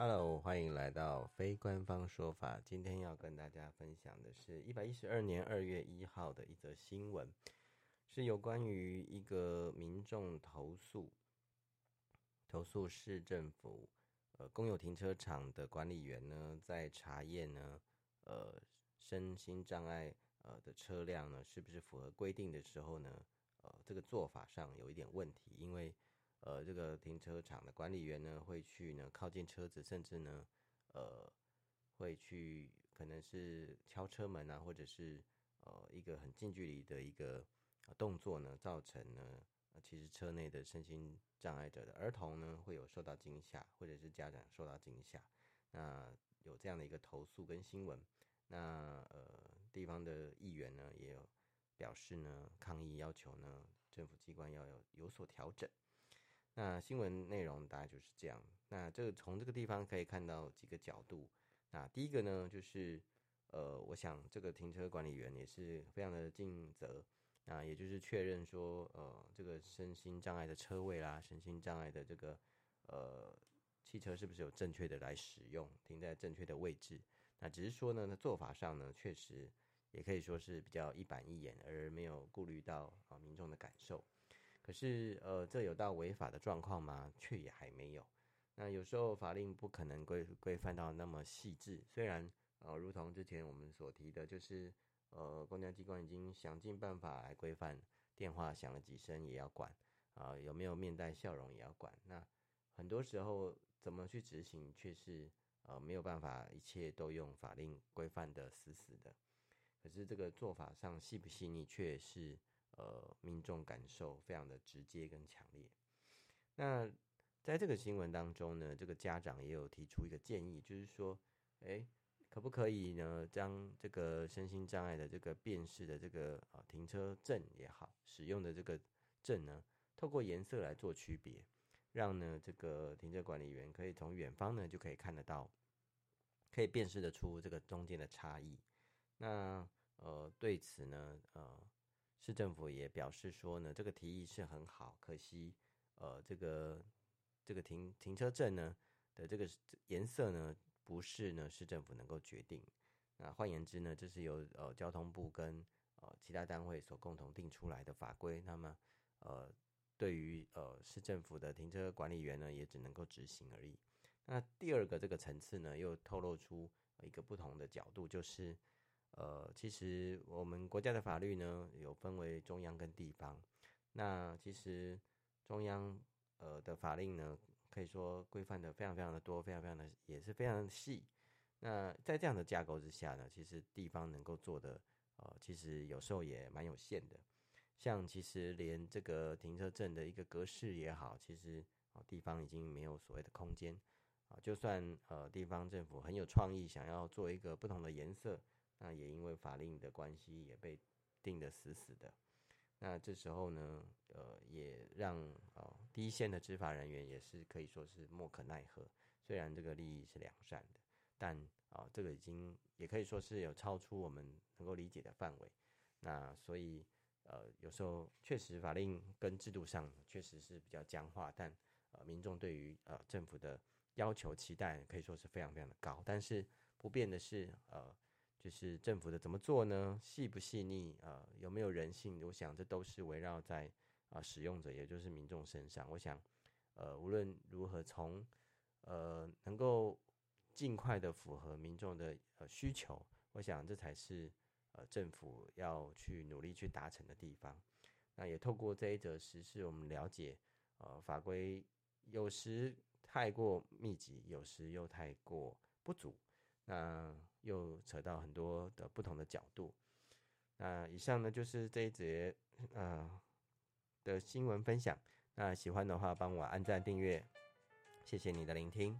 Hello，歡迎來到非官方說法。今天要跟大家分享的是，一百一十二年二月一號的一則新聞，是有關於一個民眾投訴，投訴市政府呃公有停車場的管理員呢，在查驗呢呃身心障礙呃的車輛呢是不是符合規定的時候呢，呃這個做法上有一點問題，因為，呃，這個停車場的管理員呢，會去呢靠近車子，甚至呢，呃，會去可能是敲車門啊，或者是呃一個很近距離的一個、呃、動作呢，造成呢、呃，其實車內的身心障礙者的兒童呢，會有受到驚嚇，或者是家長受到驚嚇。那有這樣的一個投訴跟新聞，那呃地方的議員呢，也有表示呢，抗議要求呢，政府機關要有有所調整。那新聞內容大概就是這樣。那這個從這個地方可以看到幾個角度。那第一個呢，就是呃，我想這個停車管理員也是非常的盡責，啊、呃，也就是確認說，呃，這個身心障礙的車位啦，身心障礙的這個呃汽車是不是有正確的來使用，停在正確的位置。那只是說呢，那做法上呢，確實也可以說是比較一板一眼，而沒有顧慮到啊、呃、民眾的感受。可是，呃，這有到違法的狀況嗎？卻也還沒有。那有時候法令不可能規規範到那麼細緻。雖然，呃，如同之前我們所提的，就是，呃，公家機關已經想盡辦法來規範，電話響了幾聲也要管，啊、呃，有沒有面帶笑容也要管。那很多時候怎麼去執行，卻是，呃，沒有辦法，一切都用法令規範的死死的。可是這個做法上細不細膩，卻是。呃，民眾感受非常的直接跟強烈。那在這個新聞當中呢，這個家長也有提出一個建議，就是說，欸、可不可以呢，將這個身心障礙的這個辨識的這個、呃、停車證也好，使用的這個證呢，透過顏色來做區別，讓呢這個停車管理員可以從遠方呢就可以看得到，可以辨識得出這個中間的差異。那呃，對此呢，呃。市政府也表示說呢，這個提議是很好，可惜，呃，這個這個停停車證呢的這個顏色呢不是呢市政府能夠決定。那換言之呢，這是由呃交通部跟呃其他單位所共同定出來的法規。那麼，呃，對於呃市政府的停車管理員呢，也只能夠執行而已。那第二個這個層次呢，又透露出一個不同的角度，就是。呃，其實我們國家的法律呢，有分為中央跟地方。那其實中央呃的法令呢，可以說規範的非常非常的多，非常非常的也是非常的細。那在這樣的架構之下呢，其實地方能夠做的呃，其實有時候也蠻有限的。像其實連這個停車證的一個格式也好，其實，呃，地方已經沒有所謂的空間。呃，就算呃地方政府很有創意，想要做一個不同的顏色。那也因為法令的關係，也被定得死死的。那這時候呢，呃，也讓、呃、第一線的執法人員也是可以說是莫可奈何。雖然這個利益是良善的，但啊、呃，這個已經也可以說是有超出我們能夠理解的範圍。那所以呃，有時候確實法令跟制度上確實是比較僵化，但、呃、民眾對於呃政府的要求期待可以說是非常非常的高。但是不變的是呃。就是政府的怎麼做呢？細不細膩啊、呃？有沒有人性？我想這都是圍繞在啊、呃、使用者，也就是民眾身上。我想，呃，無論如何從，從呃能夠盡快的符合民眾的呃需求，我想這才是呃政府要去努力去達成的地方。那也透過這一則時事，我們了解呃法規有時太過密集，有時又太過不足。那。又扯到很多的不同的角度。那以上呢，就是這一節呃的新聞分享。那喜歡的話，幫我按讚訂閱，謝謝你的聆聽。